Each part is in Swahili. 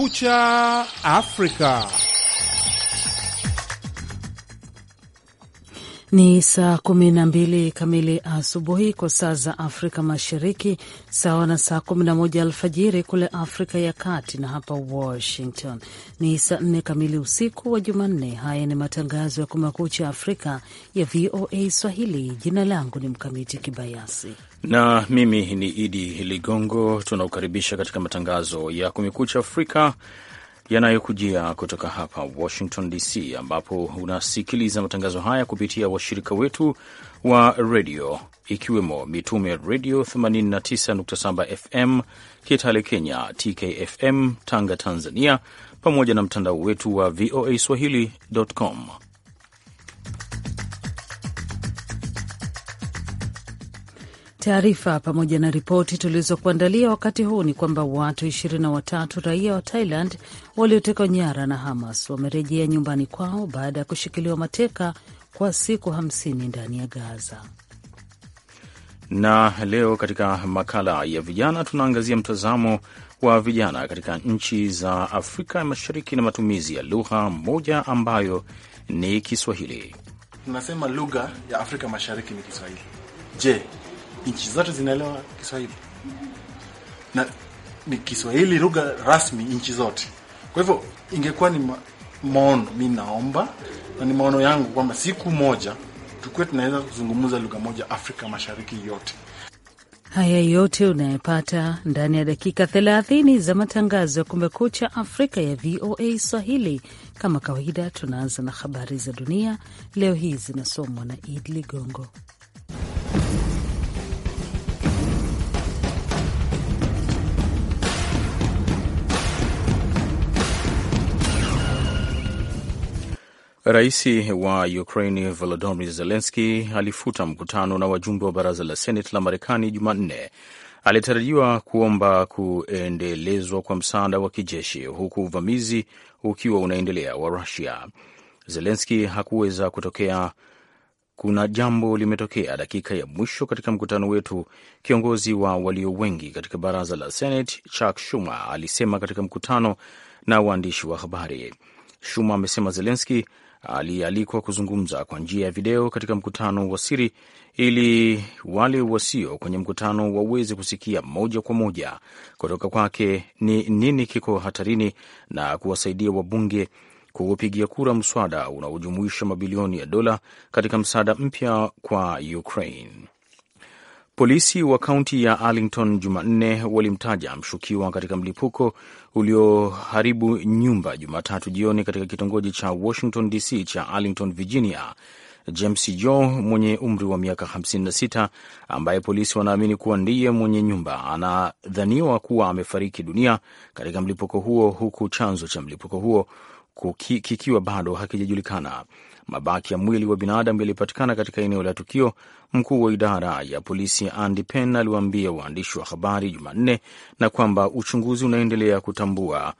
Kumekucha Afrika. Ni saa kumi na mbili kamili asubuhi kwa saa za Afrika Mashariki, sawa na saa kumi na moja alfajiri kule Afrika ya Kati, na hapa Washington ni saa nne kamili usiku wa Jumanne. Haya ni matangazo ya Kumekucha Afrika ya VOA Swahili. Jina langu ni Mkamiti Kibayasi na mimi ni Idi Ligongo. Tunakukaribisha katika matangazo ya Kumekucha Afrika yanayokujia kutoka hapa Washington DC, ambapo unasikiliza matangazo haya kupitia washirika wetu wa redio ikiwemo Mitume Redio 89.7 FM Kitale Kenya, TKFM Tanga Tanzania, pamoja na mtandao wetu wa VOA swahili.com. Taarifa pamoja na ripoti tulizokuandalia wakati huu ni kwamba watu watatu raia wa Thailand waliotekwa nyara na Hamas wamerejea nyumbani kwao baada ya kushikiliwa mateka kwa siku 50 ndani ya Gaza. Na leo katika makala ya vijana tunaangazia mtazamo wa vijana katika nchi za Afrika Mashariki na matumizi ya lugha moja ambayo ni Kiswahili. Tunasema lugha ya Afrika Mashariki ni Kiswahili. Je, nchi zote zinaelewa Kiswahili na ni Kiswahili lugha rasmi nchi zote. Kwa hivyo ingekuwa ni maono, mi naomba na ni maono yangu kwamba siku moja tukuwe tunaweza kuzungumza lugha moja Afrika Mashariki yote. Haya yote unayepata ndani ya dakika 30 za matangazo ya Kumekucha Afrika ya VOA Swahili. Kama kawaida, tunaanza na habari za dunia. Leo hii zinasomwa na Idi Ligongo. Rais wa Ukraini Volodymyr Zelenski alifuta mkutano na wajumbe wa baraza la senate la Marekani Jumanne. Alitarajiwa kuomba kuendelezwa kwa msaada wa kijeshi huku uvamizi ukiwa unaendelea wa Rusia. Zelenski hakuweza kutokea. Kuna jambo limetokea dakika ya mwisho katika mkutano wetu, kiongozi wa walio wengi katika baraza la Senate Chuck Schumer alisema katika mkutano na waandishi wa habari. Schumer amesema Zelenski aliyealikwa kuzungumza kwa njia ya video katika mkutano wa siri ili wale wasio kwenye mkutano waweze kusikia moja kwa moja kutoka kwake ni nini kiko hatarini na kuwasaidia wabunge kuupigia kura mswada unaojumuisha mabilioni ya dola katika msaada mpya kwa Ukraine. Polisi wa kaunti ya Arlington Jumanne walimtaja mshukiwa katika mlipuko ulioharibu nyumba Jumatatu jioni katika kitongoji cha Washington DC cha Arlington, Virginia. James Joe mwenye umri wa miaka 56 ambaye polisi wanaamini kuwa ndiye mwenye nyumba anadhaniwa kuwa amefariki dunia katika mlipuko huo, huku chanzo cha mlipuko huo kikiwa bado hakijajulikana. Mabaki ya mwili wa binadamu yalipatikana katika eneo la tukio. Mkuu wa idara ya polisi Andy Penn aliwaambia waandishi wa habari Jumanne na kwamba uchunguzi unaendelea kutambua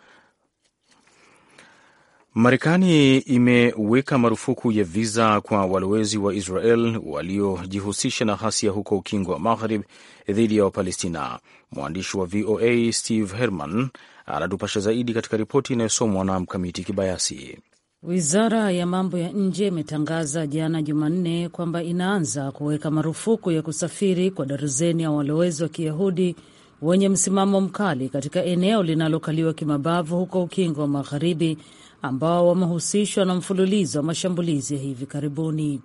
Marekani imeweka marufuku ya viza kwa walowezi wa Israel waliojihusisha na ghasia huko Ukingo wa Magharibi dhidi ya Wapalestina. Mwandishi wa VOA Steve Herman anatupasha zaidi katika ripoti inayosomwa na Mkamiti Kibayasi. Wizara ya mambo ya nje imetangaza jana Jumanne kwamba inaanza kuweka marufuku ya kusafiri kwa darzeni ya walowezi wa Kiyahudi wenye msimamo mkali katika eneo linalokaliwa kimabavu huko Ukingo wa Magharibi, ambao wamehusishwa na mfululizo wa mashambulizi ya hivi karibuni.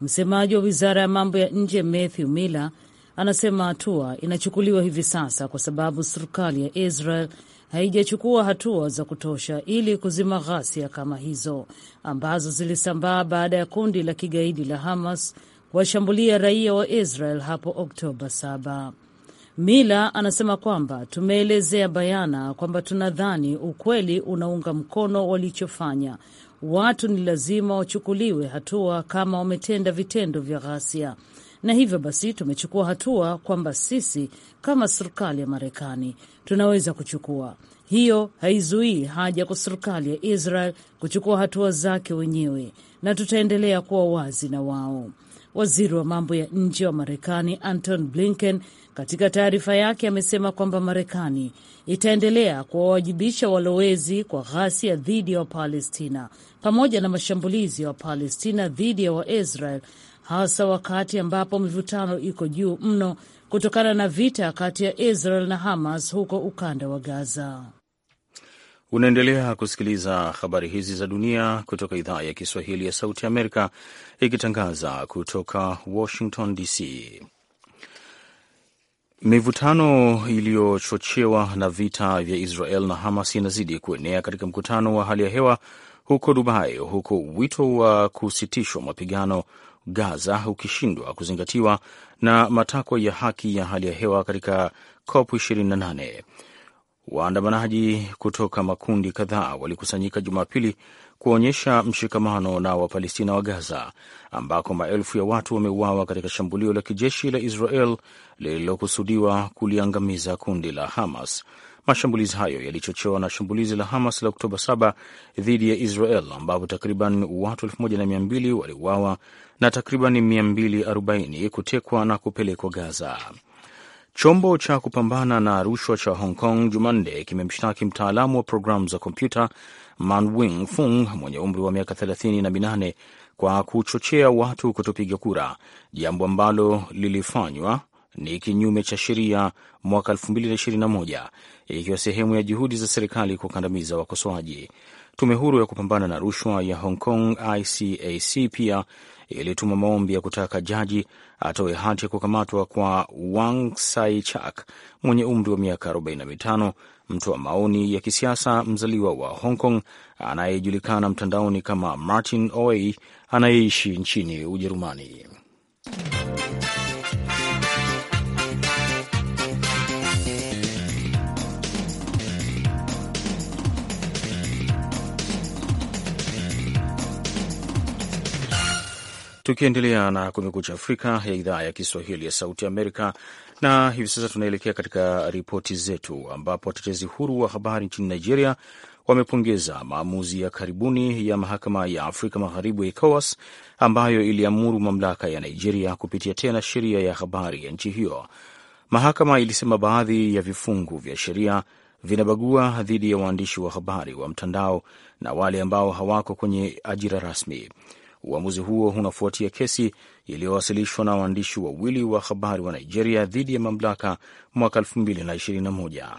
Msemaji wa wizara ya mambo ya nje Matthew Miller anasema hatua inachukuliwa hivi sasa kwa sababu serikali ya Israel haijachukua hatua za kutosha ili kuzima ghasia kama hizo ambazo zilisambaa baada ya kundi la kigaidi la Hamas kuwashambulia raia wa Israel hapo Oktoba 7. Mila anasema kwamba tumeelezea bayana kwamba tunadhani ukweli unaunga mkono walichofanya. Watu ni lazima wachukuliwe hatua kama wametenda vitendo vya ghasia na hivyo basi tumechukua hatua kwamba sisi kama serikali ya Marekani tunaweza kuchukua hiyo haizuii haja kwa serikali ya Israel kuchukua hatua zake wenyewe, na tutaendelea kuwa wazi na wao. Waziri wa mambo ya nje wa Marekani Anton Blinken katika taarifa yake amesema kwamba Marekani itaendelea kuwawajibisha walowezi kwa ghasia dhidi ya Wapalestina pamoja na mashambulizi ya Wapalestina dhidi ya Waisrael hasa wakati ambapo mivutano iko juu mno kutokana na vita kati ya Israel na Hamas huko ukanda wa Gaza. Unaendelea kusikiliza habari hizi za dunia kutoka idhaa ya Kiswahili ya Sauti Amerika ikitangaza kutoka Washington DC. Mivutano iliyochochewa na vita vya Israel na Hamas inazidi kuenea katika mkutano wa hali ya hewa huko Dubai, huku wito wa kusitishwa mapigano Gaza ukishindwa kuzingatiwa na matakwa ya haki ya hali ya hewa katika COP 28. Waandamanaji kutoka makundi kadhaa walikusanyika Jumapili kuonyesha mshikamano na Wapalestina wa Gaza, ambako maelfu ya watu wameuawa katika shambulio la kijeshi la Israel lililokusudiwa kuliangamiza kundi la Hamas. Mashambulizi hayo yalichochewa na shambulizi la Hamas la Oktoba 7 dhidi ya Israel ambapo takriban watu 1200 waliuawa na takriban 240 kutekwa na kupelekwa Gaza. Chombo cha kupambana na rushwa cha Hong Kong Jumanne kimemshtaki mtaalamu wa programu za kompyuta Man Wing Fung mwenye umri wa miaka 38 kwa kuchochea watu kutopiga kura, jambo ambalo lilifanywa ni kinyume cha sheria mwaka 2021 ikiwa sehemu ya juhudi za serikali kukandamiza wakosoaji. Tume huru ya kupambana na rushwa ya Hong Kong, ICAC, pia ilituma maombi ya kutaka jaji atoe hati ya kukamatwa kwa Wang Sai Chak mwenye umri wa miaka 45, wa maoni ya kisiasa mzaliwa wa Hong Kong anayejulikana mtandaoni kama Martin Oi anayeishi nchini Ujerumani. tukiendelea na Kumekucha Afrika ya idhaa ya Kiswahili ya Sauti Amerika. Na hivi sasa tunaelekea katika ripoti zetu, ambapo watetezi huru wa habari nchini Nigeria wamepongeza maamuzi ya karibuni ya mahakama ya Afrika Magharibi ECOWAS ambayo iliamuru mamlaka ya Nigeria kupitia tena sheria ya habari ya nchi hiyo. Mahakama ilisema baadhi ya vifungu vya sheria vinabagua dhidi ya waandishi wa habari wa mtandao na wale ambao hawako kwenye ajira rasmi. Uamuzi huo unafuatia kesi iliyowasilishwa na waandishi wawili wa habari wa Nigeria dhidi ya mamlaka mwaka 2021.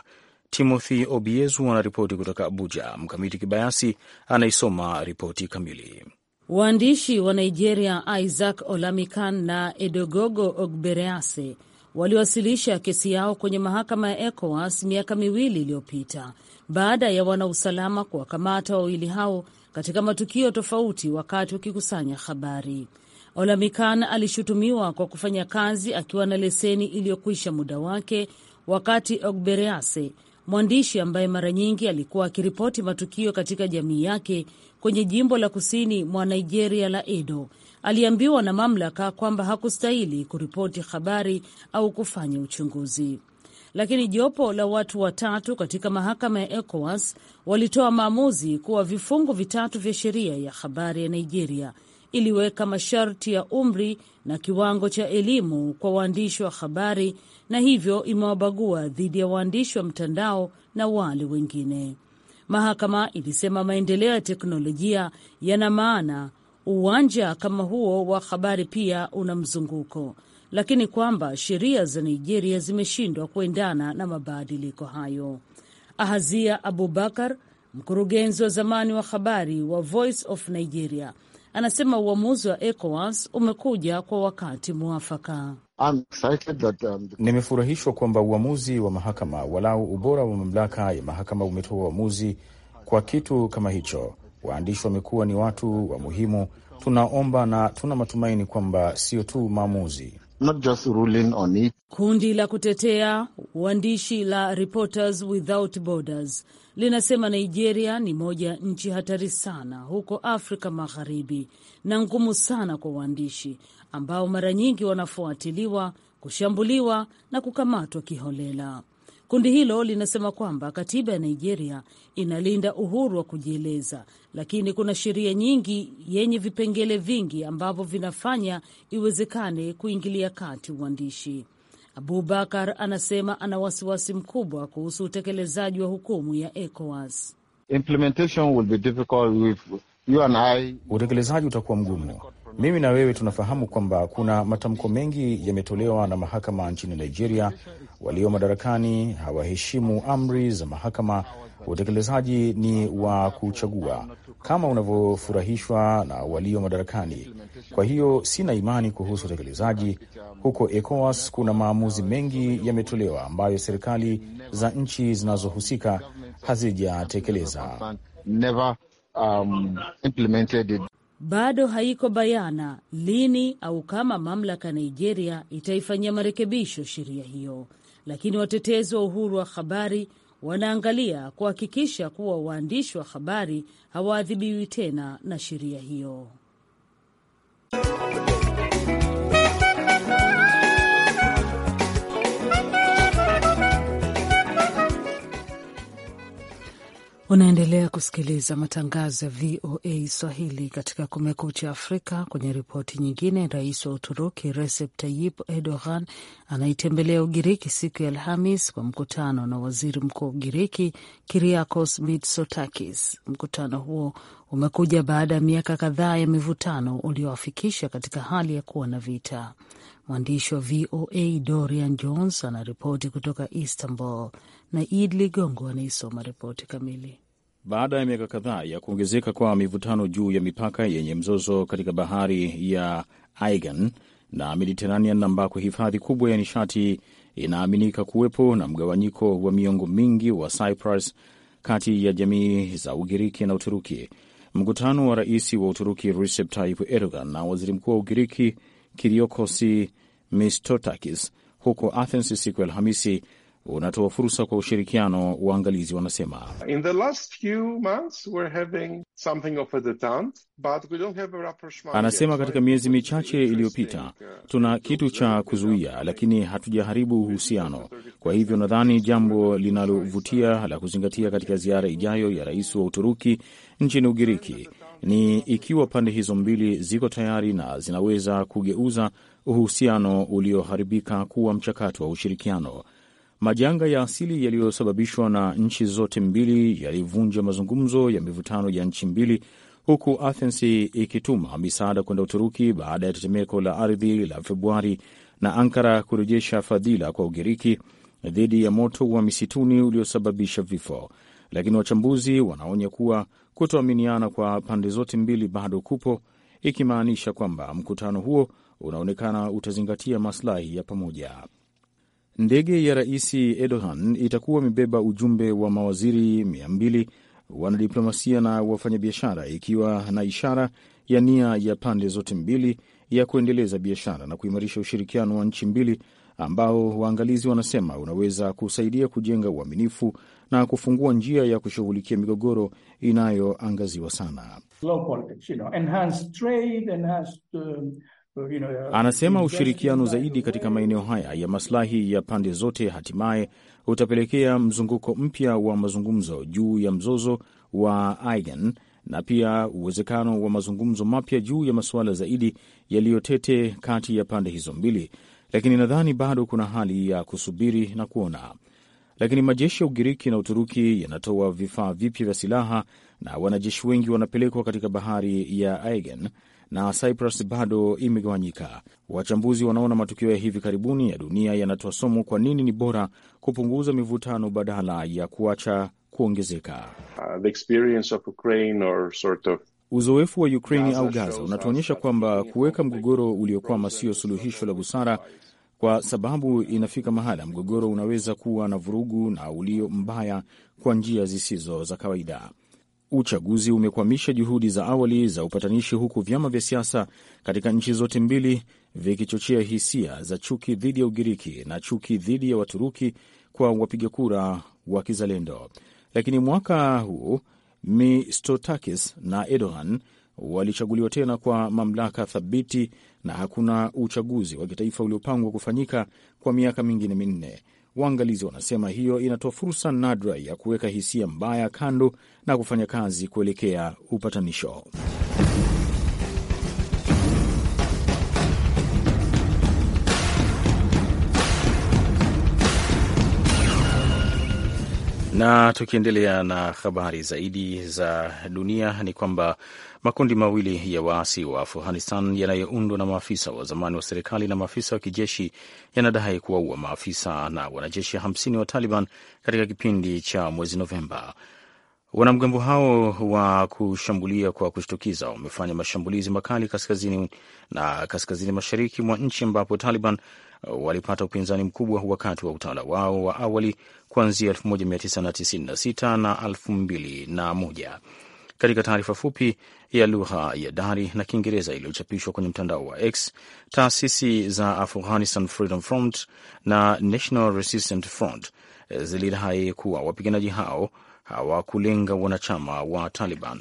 Timothy Obiezu anaripoti kutoka Abuja. Mkamiti Kibayasi anaisoma ripoti kamili. Waandishi wa Nigeria Isaac Olamikan na Edogogo Ogberease waliwasilisha kesi yao kwenye mahakama ya ECOWAS miaka miwili iliyopita baada ya wanausalama kuwakamata wawili hao katika matukio tofauti wakati wakikusanya habari. Olamikan alishutumiwa kwa kufanya kazi akiwa na leseni iliyokwisha muda wake, wakati Ogberease, mwandishi ambaye mara nyingi alikuwa akiripoti matukio katika jamii yake kwenye jimbo la kusini mwa Nigeria la Edo, aliambiwa na mamlaka kwamba hakustahili kuripoti habari au kufanya uchunguzi lakini jopo la watu watatu katika mahakama ya ECOWAS walitoa maamuzi kuwa vifungu vitatu vya sheria ya habari ya Nigeria iliweka masharti ya umri na kiwango cha elimu kwa waandishi wa habari na hivyo imewabagua dhidi ya waandishi wa mtandao na wale wengine. Mahakama ilisema maendeleo ya teknolojia yana maana uwanja kama huo wa habari pia una mzunguko lakini kwamba sheria za Nigeria zimeshindwa kuendana na mabadiliko hayo. Ahazia Abubakar, mkurugenzi wa zamani wa habari wa Voice of Nigeria, anasema uamuzi wa ECOWAS umekuja kwa wakati mwafaka. Um, nimefurahishwa kwamba uamuzi wa mahakama, walau ubora wa mamlaka ya mahakama umetoa uamuzi kwa kitu kama hicho. Waandishi wamekuwa ni watu wa muhimu, tunaomba na tuna matumaini kwamba sio tu maamuzi not just ruling on it. Kundi la kutetea uandishi la Reporters Without Borders linasema Nigeria ni moja ya nchi hatari sana huko Afrika Magharibi na ngumu sana kwa waandishi ambao mara nyingi wanafuatiliwa, kushambuliwa na kukamatwa kiholela. Kundi hilo linasema kwamba katiba ya Nigeria inalinda uhuru wa kujieleza, lakini kuna sheria nyingi yenye vipengele vingi ambavyo vinafanya iwezekane kuingilia kati uandishi. Abubakar anasema ana wasiwasi mkubwa kuhusu utekelezaji wa hukumu ya ECOWAS. utekelezaji utakuwa mgumu. Mimi na wewe tunafahamu kwamba kuna matamko mengi yametolewa na mahakama nchini Nigeria walio madarakani hawaheshimu amri za mahakama. Utekelezaji ni wa kuchagua, kama unavyofurahishwa na walio madarakani. Kwa hiyo sina imani kuhusu utekelezaji. Huko ECOWAS kuna maamuzi mengi yametolewa ambayo serikali za nchi zinazohusika hazijatekeleza. Um, bado haiko bayana lini au kama mamlaka Nigeria itaifanyia marekebisho sheria hiyo lakini watetezi wa uhuru wa habari wanaangalia kuhakikisha kuwa waandishi wa habari hawaadhibiwi tena na sheria hiyo. Unaendelea kusikiliza matangazo ya VOA Swahili katika Kumekucha Afrika. Kwenye ripoti nyingine, rais wa Uturuki Recep Tayyip Erdogan anaitembelea Ugiriki siku ya Alhamis kwa mkutano na waziri mkuu wa Ugiriki Kiriakos Mitsotakis. Mkutano huo umekuja baada ya miaka kadhaa ya mivutano uliowafikisha katika hali ya kuwa na vita. Mwandishi wa VOA Dorian Jones anaripoti kutoka Istanbul na Id Ligongo anaisoma ripoti kamili. Baada ya miaka kadhaa ya kuongezeka kwa mivutano juu ya mipaka yenye mzozo katika bahari ya Aegean na Mediterranean, ambako hifadhi kubwa ya nishati inaaminika kuwepo na mgawanyiko wa miongo mingi wa Cyprus kati ya jamii za Ugiriki na Uturuki, mkutano wa rais wa Uturuki Recep Tayyip Erdogan na waziri mkuu wa Ugiriki kiriokosi mistotakis huko Athens siku ya Alhamisi unatoa fursa kwa ushirikiano, waangalizi wanasema. Anasema katika miezi michache iliyopita tuna kitu cha kuzuia, lakini hatujaharibu uhusiano. Kwa hivyo nadhani jambo linalovutia la kuzingatia katika ziara ijayo ya rais wa Uturuki nchini Ugiriki ni ikiwa pande hizo mbili ziko tayari na zinaweza kugeuza uhusiano ulioharibika kuwa mchakato wa ushirikiano. Majanga ya asili yaliyosababishwa na nchi zote mbili yalivunja mazungumzo ya mivutano ya nchi mbili, huku Athens ikituma misaada kwenda Uturuki baada ya tetemeko la ardhi la Februari na Ankara kurejesha fadhila kwa Ugiriki dhidi ya moto wa misituni uliosababisha vifo. Lakini wachambuzi wanaonya kuwa kutoaminiana kwa pande zote mbili bado kupo, ikimaanisha kwamba mkutano huo unaonekana utazingatia maslahi ya pamoja. Ndege ya Rais Erdogan itakuwa imebeba ujumbe wa mawaziri mbili wanadiplomasia na wafanyabiashara, ikiwa na ishara ya nia ya pande zote mbili ya kuendeleza biashara na kuimarisha ushirikiano wa nchi mbili ambao waangalizi wanasema unaweza kusaidia kujenga uaminifu na kufungua njia ya kushughulikia migogoro inayoangaziwa sana. Politics, you know, enhanced trade, enhanced, um, Anasema ushirikiano zaidi katika maeneo haya ya maslahi ya pande zote hatimaye utapelekea mzunguko mpya wa mazungumzo juu ya mzozo wa Aigan na pia uwezekano wa mazungumzo mapya juu ya masuala zaidi yaliyotete kati ya pande hizo mbili, lakini nadhani bado kuna hali ya kusubiri na kuona. Lakini majeshi ya Ugiriki na Uturuki yanatoa vifaa vipya vya silaha na wanajeshi wengi wanapelekwa katika bahari ya Aegean na Cyprus bado imegawanyika. Wachambuzi wanaona matukio ya hivi karibuni ya dunia yanatoa somo kwa nini ni bora kupunguza mivutano badala ya kuacha kuongezeka. Uh, uzoefu wa Ukraini au Gaza unatuonyesha kwamba kuweka mgogoro uliokwama sio suluhisho la busara, kwa sababu inafika mahala mgogoro unaweza kuwa na vurugu na ulio mbaya kwa njia zisizo za kawaida uchaguzi umekwamisha juhudi za awali za upatanishi, huku vyama vya siasa katika nchi zote mbili vikichochea hisia za chuki dhidi ya Ugiriki na chuki dhidi ya Waturuki kwa wapiga kura wa kizalendo. Lakini mwaka huu Mistotakis na Erdogan walichaguliwa tena kwa mamlaka thabiti na hakuna uchaguzi wa kitaifa uliopangwa kufanyika kwa miaka mingine minne. Waangalizi wanasema hiyo inatoa fursa nadra ya kuweka hisia mbaya kando na kufanya kazi kuelekea upatanisho. Na tukiendelea na habari zaidi za dunia ni kwamba makundi mawili ya waasi wa Afghanistan yanayoundwa na maafisa wa zamani wa serikali na maafisa wa kijeshi yanadai kuwaua maafisa na wanajeshi hamsini wa Taliban katika kipindi cha mwezi Novemba. Wanamgambo hao wa kushambulia kwa kushtukiza wamefanya mashambulizi makali kaskazini na kaskazini mashariki mwa nchi ambapo Taliban walipata upinzani mkubwa wakati wa utawala wao wa awali kuanzia 1996 na 2001. Katika taarifa fupi ya lugha ya Dari na Kiingereza iliyochapishwa kwenye mtandao wa X, taasisi za Afghanistan Freedom Front na National Resistance Front eh, zilidai kuwa wapiganaji hao hawakulenga wanachama wa Taliban.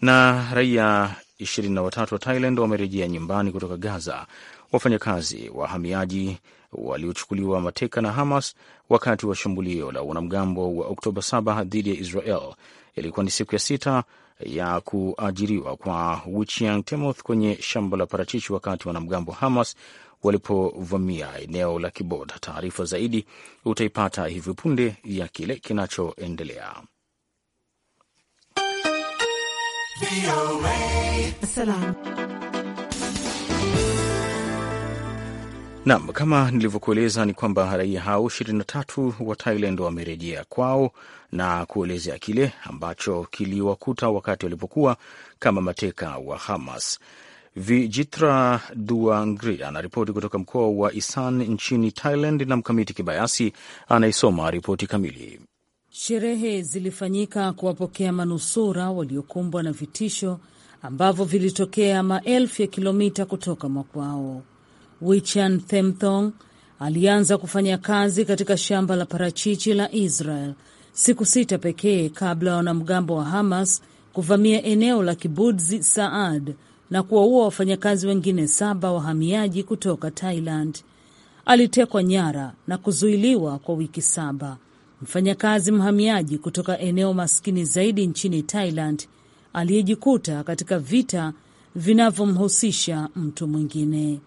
Na raia 23 wa Thailand wamerejea nyumbani kutoka Gaza. Wafanyakazi wahamiaji waliochukuliwa mateka na Hamas wakati wa shambulio la wanamgambo wa Oktoba 7 dhidi ya Israel. Ilikuwa ni siku ya sita ya kuajiriwa kwa Wichiang Temoth kwenye shamba la parachichi wakati wanamgambo Hamas walipovamia eneo la Kiboda. Taarifa zaidi utaipata hivi punde ya kile kinachoendelea. Salam. Nam, kama nilivyokueleza ni kwamba raia hao 23 wa Thailand wamerejea kwao na kuelezea kile ambacho kiliwakuta wakati walipokuwa kama mateka wa Hamas. Vijitra Duangri anaripoti kutoka mkoa wa Isan nchini Thailand, na Mkamiti Kibayasi anaisoma ripoti kamili. Sherehe zilifanyika kuwapokea manusura waliokumbwa na vitisho ambavyo vilitokea maelfu ya kilomita kutoka mwakwao. Wichan Themthong alianza kufanya kazi katika shamba la parachichi la Israel siku sita pekee kabla ya wanamgambo wa Hamas kuvamia eneo la Kibudzi Saad na kuwaua wafanyakazi wengine saba wahamiaji kutoka Thailand. Alitekwa nyara na kuzuiliwa kwa wiki saba. Mfanyakazi mhamiaji kutoka eneo maskini zaidi nchini Thailand aliyejikuta katika vita vinavyomhusisha mtu mwingine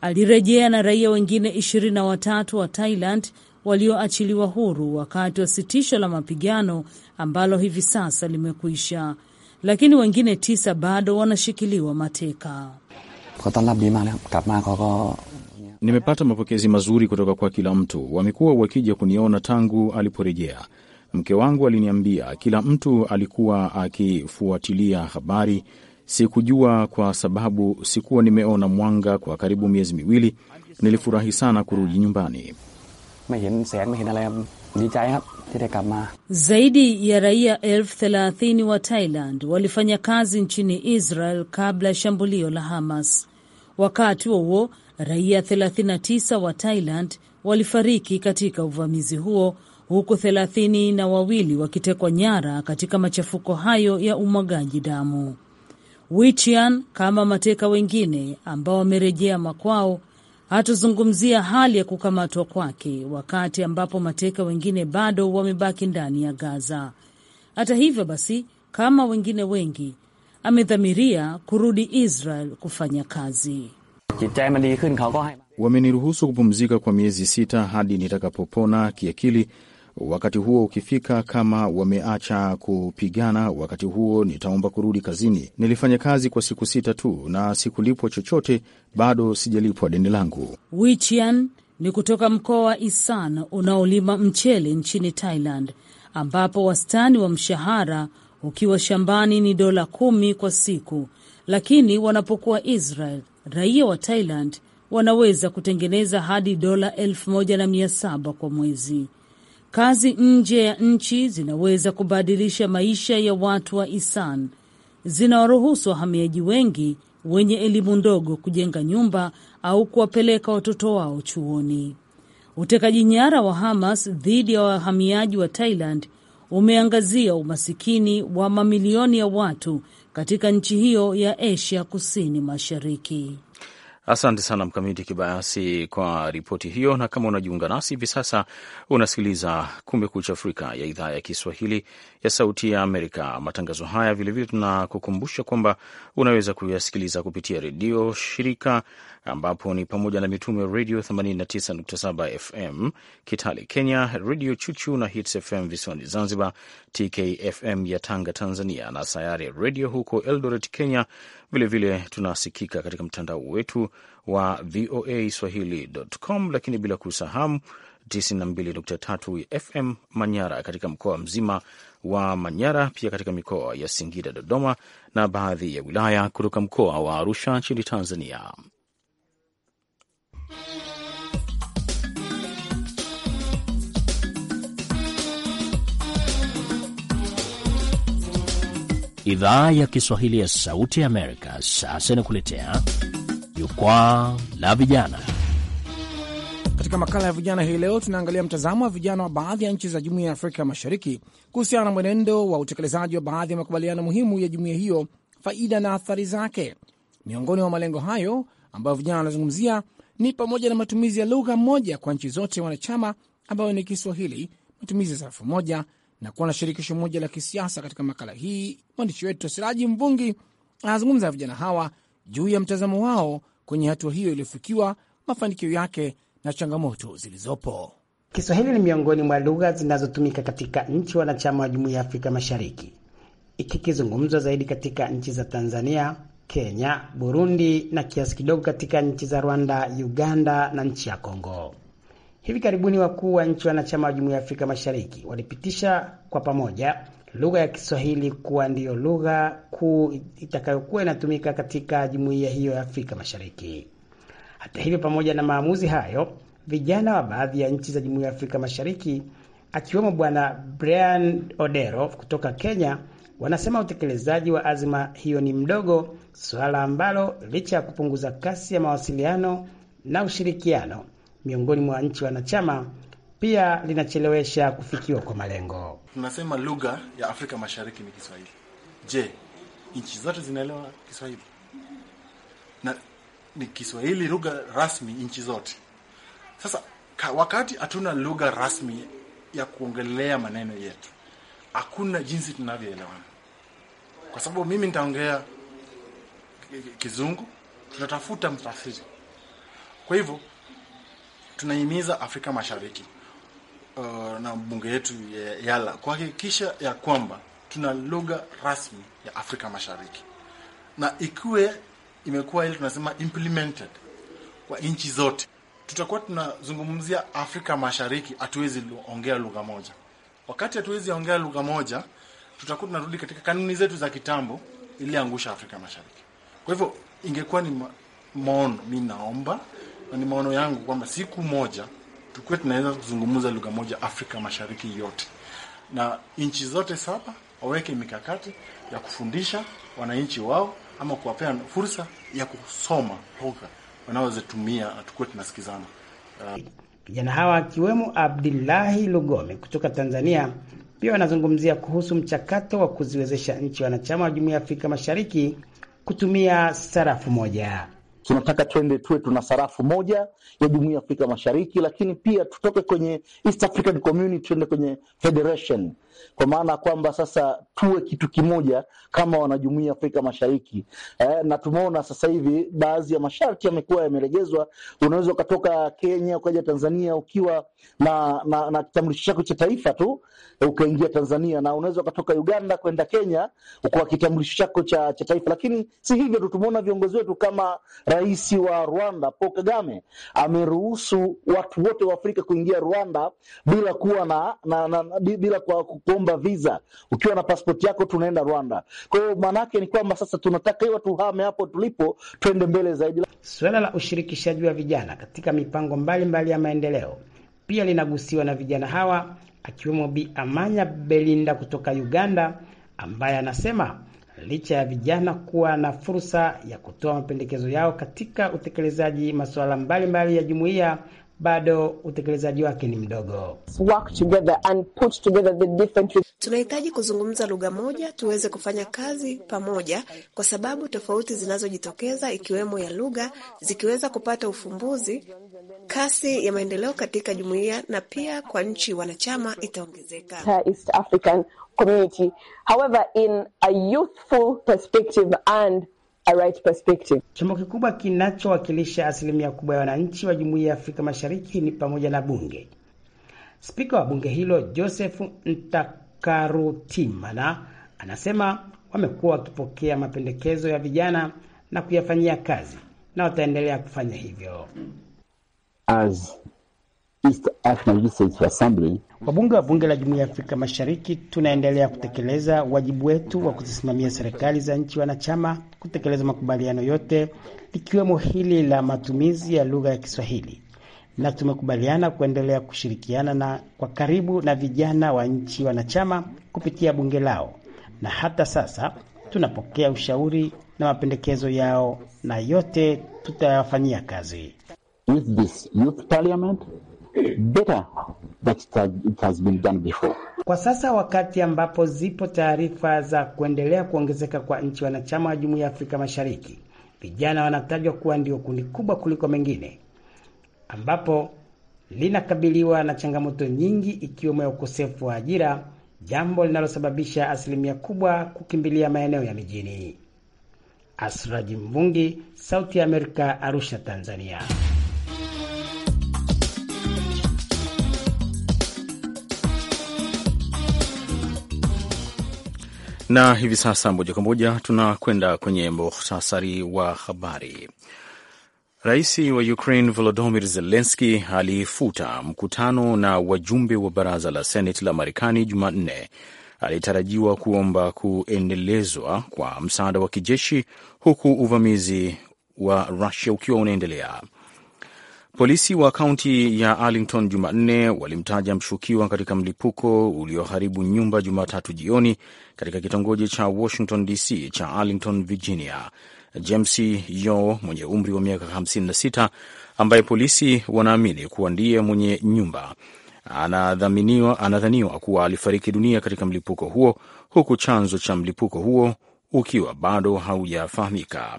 alirejea na raia wengine ishirini na watatu wa Thailand walioachiliwa huru wakati wa sitisho la mapigano ambalo hivi sasa limekwisha, lakini wengine tisa bado wanashikiliwa mateka. Nimepata mapokezi mazuri kutoka kwa kila mtu, wamekuwa wakija kuniona tangu aliporejea. Mke wangu aliniambia kila mtu alikuwa akifuatilia habari Sikujua kwa sababu sikuwa nimeona mwanga kwa karibu miezi miwili. Nilifurahi sana kurudi nyumbani. Zaidi ya raia elfu thelathini wa Thailand walifanya kazi nchini Israel kabla ya shambulio la Hamas. Wakati huo raia 39 wa Thailand walifariki katika uvamizi huo huku thelathini na wawili wakitekwa nyara katika machafuko hayo ya umwagaji damu. Wichian kama mateka wengine ambao wamerejea makwao. Hatuzungumzia hali ya kukamatwa kwake wakati ambapo mateka wengine bado wamebaki ndani ya Gaza. Hata hivyo basi, kama wengine wengi, amedhamiria kurudi Israel kufanya kazi. Wameniruhusu kupumzika kwa miezi sita hadi nitakapopona kiakili wakati huo ukifika, kama wameacha kupigana wakati huo, nitaomba kurudi kazini. Nilifanya kazi kwa siku sita tu na sikulipwa chochote, bado sijalipwa deni langu. Wichian ni kutoka mkoa wa Isan unaolima mchele nchini Thailand, ambapo wastani wa mshahara ukiwa shambani ni dola kumi kwa siku, lakini wanapokuwa Israel raia wa Thailand wanaweza kutengeneza hadi dola elfu moja na mia saba kwa mwezi. Kazi nje ya nchi zinaweza kubadilisha maisha ya watu wa Isan. Zinawaruhusu wahamiaji wengi wenye elimu ndogo kujenga nyumba au kuwapeleka watoto wao chuoni. Utekaji nyara wa Hamas dhidi ya wahamiaji wa Thailand umeangazia umasikini wa mamilioni ya watu katika nchi hiyo ya Asia Kusini Mashariki. Asante sana Mkamiti Kibayasi kwa ripoti hiyo, na kama unajiunga nasi hivi sasa, unasikiliza Kumekucha Afrika ya idhaa ya Kiswahili ya Sauti ya Amerika. Matangazo haya vilevile tunakukumbusha kwamba unaweza kuyasikiliza kupitia redio shirika, ambapo ni pamoja na Mitume Redio 89.7 FM Kitale Kenya, Redio Chuchu na Hits FM visiwani Zanzibar, TKFM ya Tanga Tanzania, na Sayare Redio huko Eldoret Kenya Vilevile tunasikika katika mtandao wetu wa VOA Swahili.com, lakini bila kusahamu 92.3 FM Manyara katika mkoa mzima wa Manyara, pia katika mikoa ya Singida, Dodoma na baadhi ya wilaya kutoka mkoa wa Arusha nchini Tanzania. Idhaa ya Kiswahili ya Sauti ya Amerika sasa inakuletea jukwaa la vijana. Katika makala ya vijana hii leo, tunaangalia mtazamo wa vijana wa baadhi ya nchi za Jumuiya ya Afrika Mashariki kuhusiana na mwenendo wa utekelezaji wa baadhi ya makubaliano muhimu ya jumuiya hiyo, faida na athari zake. Miongoni mwa malengo hayo ambayo vijana wanazungumzia ni pamoja na matumizi ya lugha moja kwa nchi zote wanachama ambayo ni Kiswahili, matumizi ya sarafu moja na kuwa na shirikisho moja la kisiasa. Katika makala hii mwandishi wetu Siraji Mvungi anazungumza na vijana hawa juu ya mtazamo wao kwenye hatua hiyo iliyofikiwa, mafanikio yake na changamoto zilizopo. Kiswahili ni miongoni mwa lugha zinazotumika katika nchi wanachama wa Jumuiya ya Afrika Mashariki, ikikizungumzwa zaidi katika nchi za Tanzania, Kenya, Burundi na kiasi kidogo katika nchi za Rwanda, Uganda na nchi ya Kongo. Hivi karibuni wakuu wa nchi wanachama wa Jumuiya ya Afrika Mashariki walipitisha kwa pamoja lugha ya Kiswahili kuwa ndiyo lugha kuu itakayokuwa inatumika katika jumuiya hiyo ya Afrika Mashariki. Hata hivyo, pamoja na maamuzi hayo, vijana wa baadhi ya nchi za Jumuiya ya Afrika Mashariki akiwemo Bwana Brian Odero kutoka Kenya wanasema utekelezaji wa azma hiyo ni mdogo, suala ambalo licha ya kupunguza kasi ya mawasiliano na ushirikiano miongoni mwa nchi wanachama pia linachelewesha kufikiwa kwa malengo. Tunasema lugha ya Afrika Mashariki ni Kiswahili. Je, nchi zote zinaelewa Kiswahili? Na ni Kiswahili lugha rasmi nchi zote. Sasa wakati hatuna lugha rasmi ya kuongelea maneno yetu, hakuna jinsi tunavyoelewana, kwa sababu mimi nitaongea Kizungu, tutatafuta mtafsiri. Kwa hivyo tunahimiza Afrika Mashariki uh, na bunge yetu ya Yala kuhakikisha ya kwamba tuna lugha rasmi ya Afrika Mashariki na ikiwe imekuwa ile tunasema implemented kwa nchi zote, tutakuwa tunazungumzia Afrika Mashariki. Hatuwezi ongea lugha moja. Wakati hatuwezi ongea lugha moja, tutakuwa tunarudi katika kanuni zetu za kitambo iliangusha Afrika Mashariki. Kwa hivyo ingekuwa ni maono, mi naomba na ni maono yangu kwamba siku moja tukuwe tunaweza kuzungumza lugha moja Afrika Mashariki yote, na nchi zote saba waweke mikakati ya kufundisha wananchi wao ama kuwapea fursa ya kusoma lugha wanazotumia na tukuwe tunasikizana. Uh, vijana hawa akiwemo Abdullahi Lugome kutoka Tanzania pia wanazungumzia kuhusu mchakato wa kuziwezesha nchi wanachama wa Jumuiya ya Afrika Mashariki kutumia sarafu moja tunataka twende tuwe tuna sarafu moja ya jumuiya ya Afrika Mashariki, lakini pia tutoke kwenye East African Community tuende kwenye federation kwa maana kwamba sasa tuwe kitu kimoja kama wanajumuia Afrika Mashariki eh, na tumeona sasa hivi baadhi ya masharti yamekuwa yamelegezwa. Unaweza ukatoka Kenya ukaja Tanzania ukiwa na na, na kitambulisho chako cha taifa tu eh, ukaingia Tanzania, na unaweza ukatoka Uganda kwenda Kenya kwa kitambulisho chako cha, cha taifa. Lakini si hivyo tu, tumeona viongozi wetu kama rais wa Rwanda Paul Kagame ameruhusu watu wote wa Afrika kuingia Rwanda bila kuwa na, na, na, bila kwa, kuomba visa ukiwa na pasipoti yako, tunaenda Rwanda. Kwa hiyo maanake ni kwamba sasa tunataka hiyo tuhame hapo tulipo, twende mbele zaidi. Suala la ushirikishaji wa vijana katika mipango mbalimbali mbali ya maendeleo pia linagusiwa na vijana hawa, akiwemo Bi Amanya Belinda kutoka Uganda, ambaye anasema licha ya vijana kuwa na fursa ya kutoa mapendekezo yao katika utekelezaji masuala mbalimbali ya jumuiya, bado utekelezaji wake ni mdogo. Tunahitaji kuzungumza lugha moja, tuweze kufanya kazi pamoja, kwa sababu tofauti zinazojitokeza ikiwemo ya lugha zikiweza kupata ufumbuzi, kasi ya maendeleo katika jumuiya na pia kwa nchi wanachama itaongezeka. East African Community, however, in a youthful perspective and a right perspective. Chombo kikubwa kinachowakilisha asilimia kubwa ya wananchi wa Jumuiya ya Afrika Mashariki ni pamoja na bunge. Spika wa bunge hilo Joseph Ntakarutimana anasema wamekuwa wakipokea mapendekezo ya vijana na kuyafanyia kazi na wataendelea kufanya hivyo. As East African Legislative Assembly. Wabunge wa bunge la Jumuiya ya Afrika Mashariki tunaendelea kutekeleza wajibu wetu wa kuzisimamia serikali za nchi wanachama kutekeleza makubaliano yote likiwemo hili la matumizi ya lugha ya Kiswahili na tumekubaliana kuendelea kushirikiana na kwa karibu na vijana wa nchi wanachama kupitia bunge lao, na hata sasa tunapokea ushauri na mapendekezo yao na yote tutayafanyia kazi. With this youth parliament better that it has been done before. Kwa sasa wakati ambapo zipo taarifa za kuendelea kuongezeka kwa nchi wanachama wa Jumuiya ya Afrika Mashariki, vijana wanatajwa kuwa ndio kundi kubwa kuliko mengine, ambapo linakabiliwa na changamoto nyingi ikiwemo ya ukosefu wa ajira, jambo linalosababisha asilimia kubwa kukimbilia maeneo ya mijini. Asraji Mvungi, Sauti ya Amerika, Arusha, Tanzania. Na hivi sasa moja kwa moja tunakwenda kwenye muhtasari wa habari. Rais wa Ukraine Volodymyr Zelensky alifuta mkutano na wajumbe wa baraza la Seneti la Marekani Jumanne. Alitarajiwa kuomba kuendelezwa kwa msaada wa kijeshi huku uvamizi wa Rusia ukiwa unaendelea. Polisi wa kaunti ya Arlington Jumanne walimtaja mshukiwa katika mlipuko ulioharibu nyumba Jumatatu jioni katika kitongoji cha Washington DC cha Arlington, Virginia. James Yo mwenye umri wa miaka 56 ambaye polisi wanaamini kuwa ndiye mwenye nyumba anadhaniwa kuwa alifariki dunia katika mlipuko huo, huku chanzo cha mlipuko huo ukiwa bado haujafahamika.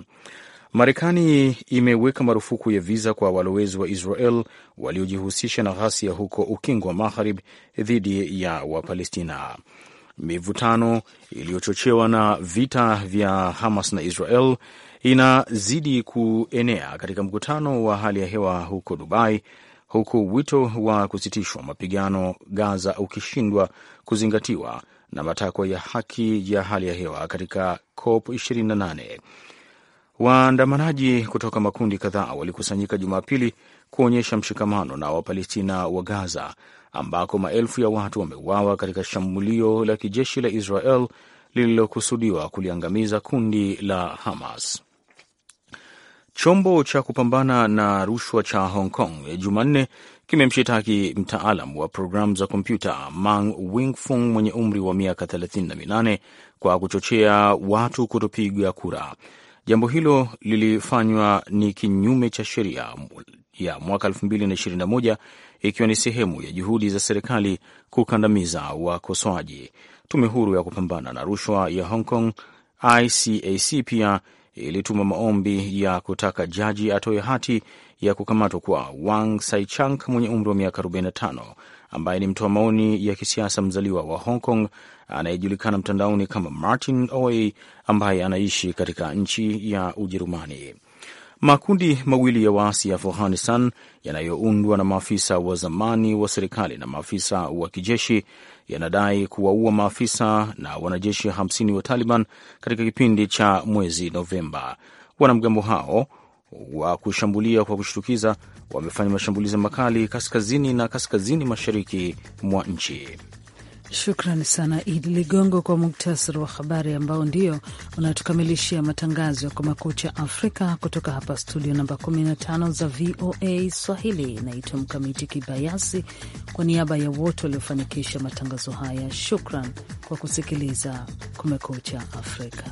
Marekani imeweka marufuku ya viza kwa walowezi wa Israel waliojihusisha na ghasia huko Ukingo wa magharib dhidi ya Wapalestina. Mivutano iliyochochewa na vita vya Hamas na Israel inazidi kuenea katika mkutano wa hali ya hewa huko Dubai, huku wito wa kusitishwa mapigano Gaza ukishindwa kuzingatiwa na matakwa ya haki ya hali ya hewa katika COP 28. Waandamanaji kutoka makundi kadhaa walikusanyika Jumapili kuonyesha mshikamano na Wapalestina wa Gaza, ambako maelfu ya watu wameuawa katika shambulio la kijeshi la Israel lililokusudiwa kuliangamiza kundi la Hamas. Chombo cha kupambana na rushwa cha Hong Kong Jumanne kimemshitaki mtaalam wa programu za kompyuta Mang Wingfung mwenye umri wa miaka 38 kwa kuchochea watu kutopiga kura Jambo hilo lilifanywa ni kinyume cha sheria ya mwaka 2021 ikiwa ni sehemu ya juhudi za serikali kukandamiza wakosoaji. Tume huru ya kupambana na rushwa ya Hong Kong ICAC pia ilituma maombi ya kutaka jaji atoe hati ya kukamatwa kwa Wang Saichang mwenye umri wa miaka 45 ambaye ni mtoa maoni ya kisiasa mzaliwa wa Hong Kong anayejulikana mtandaoni kama Martin Oy ambaye anaishi katika nchi ya Ujerumani. Makundi mawili ya waasi ya Afghanistan yanayoundwa na maafisa wa zamani wa serikali na maafisa wa kijeshi yanadai kuwaua maafisa na wanajeshi 50 wa Taliban katika kipindi cha mwezi Novemba. Wanamgambo hao wa kushambulia kwa kushtukiza wamefanya mashambulizi makali kaskazini na kaskazini mashariki mwa nchi. Shukran sana Idi Ligongo kwa muktasari wa habari ambao ndio unatukamilishia matangazo ya Kumekucha Afrika kutoka hapa studio namba 15 za VOA Swahili. Naitwa Mkamiti Kibayasi, kwa niaba ya wote waliofanikisha matangazo haya, shukran kwa kusikiliza Kumekucha Afrika.